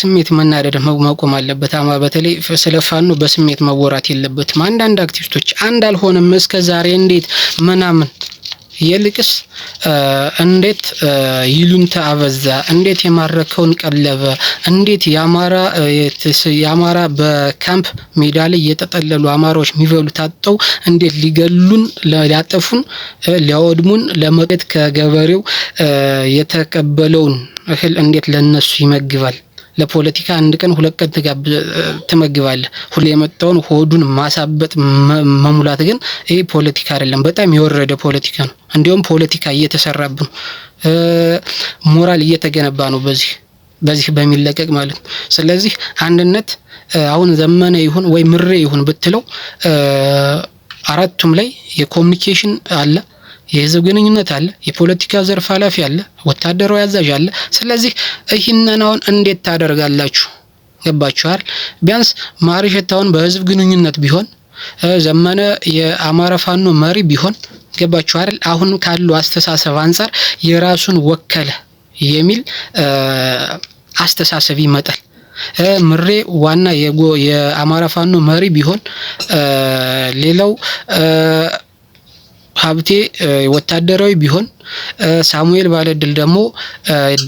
ስሜት መናደድ መቆም አለበት። አማ በተለይ ስለ ፋኖ በስሜት መወራት የለበትም። አንዳንድ አክቲቪስቶች አንድ አልሆነም እስከ ዛሬ እንዴት ምናምን የልቅስ እንዴት ይሉንታ አበዛ፣ እንዴት የማረከውን ቀለበ፣ እንዴት የአማራ በካምፕ ሜዳ ላይ የተጠለሉ አማራዎች የሚበሉ ታጠው እንዴት ሊገሉን፣ ሊያጠፉን፣ ሊያወድሙን ለመሬት ከገበሬው የተቀበለውን እህል እንዴት ለነሱ ይመግባል? ለፖለቲካ አንድ ቀን ሁለት ቀን ትመግባለህ። ሁሌ የመጣውን ሆዱን ማሳበጥ መሙላት ግን ይሄ ፖለቲካ አይደለም። በጣም የወረደ ፖለቲካ ነው። እንዲሁም ፖለቲካ ነው፣ ሞራል እየተገነባ ነው በዚህ በዚህ በሚለቀቅ ማለት ነው። ስለዚህ አንድነት አሁን ዘመነ ይሁን ወይ ምሬ ይሁን ብትለው አራቱም ላይ የኮሚኒኬሽን አለ የህዝብ ግንኙነት አለ፣ የፖለቲካ ዘርፍ ኃላፊ አለ፣ ወታደራዊ አዛዥ አለ። ስለዚህ አሁን እንዴት ታደርጋላችሁ? ገባችኋል? ቢያንስ ማሪ በህዝብ ግንኙነት ቢሆን ዘመነ የአማራ ፋኖ መሪ ቢሆን ገባችኋል? አሁን ካለው አስተሳሰብ አንጻር የራሱን ወከለ የሚል አስተሳሰብ ይመጣል። ምሬ ዋና የአማራ ፋኖ መሪ ቢሆን ሌላው ሀብቴ ወታደራዊ ቢሆን፣ ሳሙኤል ባለድል ደግሞ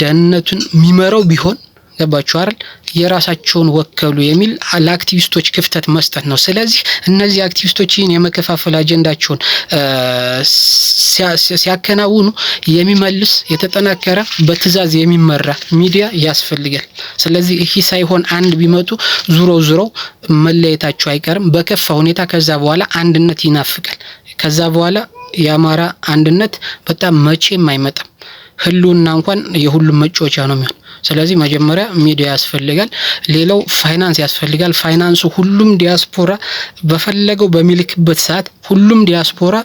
ደህንነቱን የሚመራው ቢሆን ገባችሁ አይደል? የራሳቸውን ወከሉ የሚል ለአክቲቪስቶች ክፍተት መስጠት ነው። ስለዚህ እነዚህ አክቲቪስቶች ይህን የመከፋፈል አጀንዳቸውን ሲያከናውኑ የሚመልስ የተጠናከረ በትዕዛዝ የሚመራ ሚዲያ ያስፈልጋል። ስለዚህ ይህ ሳይሆን አንድ ቢመጡ ዙሮ ዙረው መለየታቸው አይቀርም በከፋ ሁኔታ። ከዛ በኋላ አንድነት ይናፍቃል። ከዛ በኋላ የአማራ አንድነት በጣም መቼም አይመጣም። ህልውና እንኳን የሁሉም መጫወቻ ነው የሚሆን። ስለዚህ መጀመሪያ ሚዲያ ያስፈልጋል። ሌላው ፋይናንስ ያስፈልጋል። ፋይናንሱ ሁሉም ዲያስፖራ በፈለገው በሚልክበት ሰዓት ሁሉም ዲያስፖራ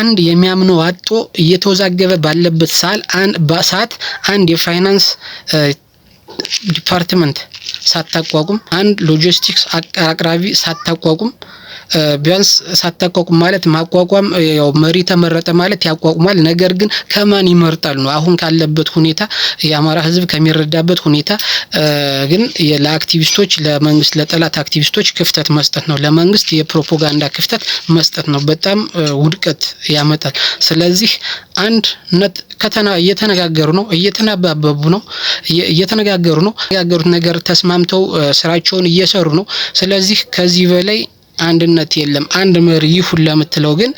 አንድ የሚያምነው አጦ እየተወዛገበ ባለበት ሰዓት አንድ የፋይናንስ ዲፓርትመንት ሳታቋቁም አንድ ሎጂስቲክስ አቅራቢ ሳታቋቁም ቢያንስ ሳታቋቁም ማለት ማቋቋም ያው መሪ ተመረጠ ማለት ያቋቁማል። ነገር ግን ከማን ይመርጣል ነው አሁን ካለበት ሁኔታ የአማራ ሕዝብ ከሚረዳበት ሁኔታ ግን ለአክቲቪስቶች ለመንግስት ለጠላት አክቲቪስቶች ክፍተት መስጠት ነው። ለመንግስት የፕሮፓጋንዳ ክፍተት መስጠት ነው። በጣም ውድቀት ያመጣል። ስለዚህ አንድነት ከተና እየተነጋገሩ ነው፣ እየተናባበቡ ነው፣ እየተነጋገሩ ነው። ነገር ተስማ ተስማምተው ስራቸውን እየሰሩ ነው። ስለዚህ ከዚህ በላይ አንድነት የለም። አንድ መሪ ይሁን ለምትለው ግን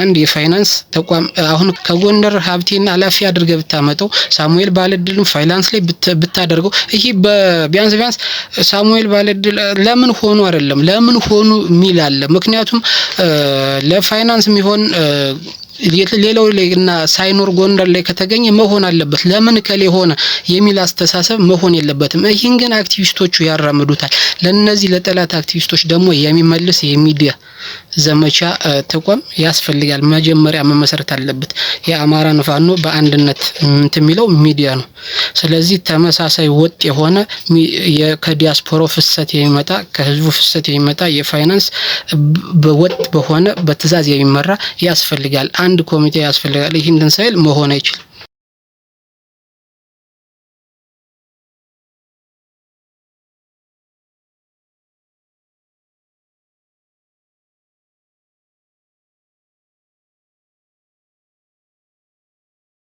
አንድ የፋይናንስ ተቋም አሁን ከጎንደር ሀብቴና ኃላፊ አድርገ ብታመጠው ሳሙኤል ባለድልም ፋይናንስ ላይ ብታደርገው ይህ ቢያንስ ቢያንስ ሳሙኤል ባለድል ለምን ሆኑ አይደለም ለምን ሆኑ የሚል አለ። ምክንያቱም ለፋይናንስ የሚሆን ሌላው ላይ እና ሳይኖር ጎንደር ላይ ከተገኘ መሆን አለበት ለምን ከሌ ሆነ የሚል አስተሳሰብ መሆን የለበትም። ይህን ግን አክቲቪስቶቹ ያራምዱታል። ለነዚህ ለጠላት አክቲቪስቶች ደግሞ የሚመልስ የሚዲያ ዘመቻ ተቋም ያስፈልጋል። መጀመሪያ መመሰረት አለበት። የአማራን ፋኖ በአንድነት እንትን የሚለው ሚዲያ ነው። ስለዚህ ተመሳሳይ ወጥ የሆነ ከዲያስፖራው ፍሰት የሚመጣ ከህዝቡ ፍሰት የሚመጣ የፋይናንስ በወጥ በሆነ በትዕዛዝ የሚመራ ያስፈልጋል። አንድ ኮሚቴ ያስፈልጋል። ይህንን ሳይል መሆን አይችልም።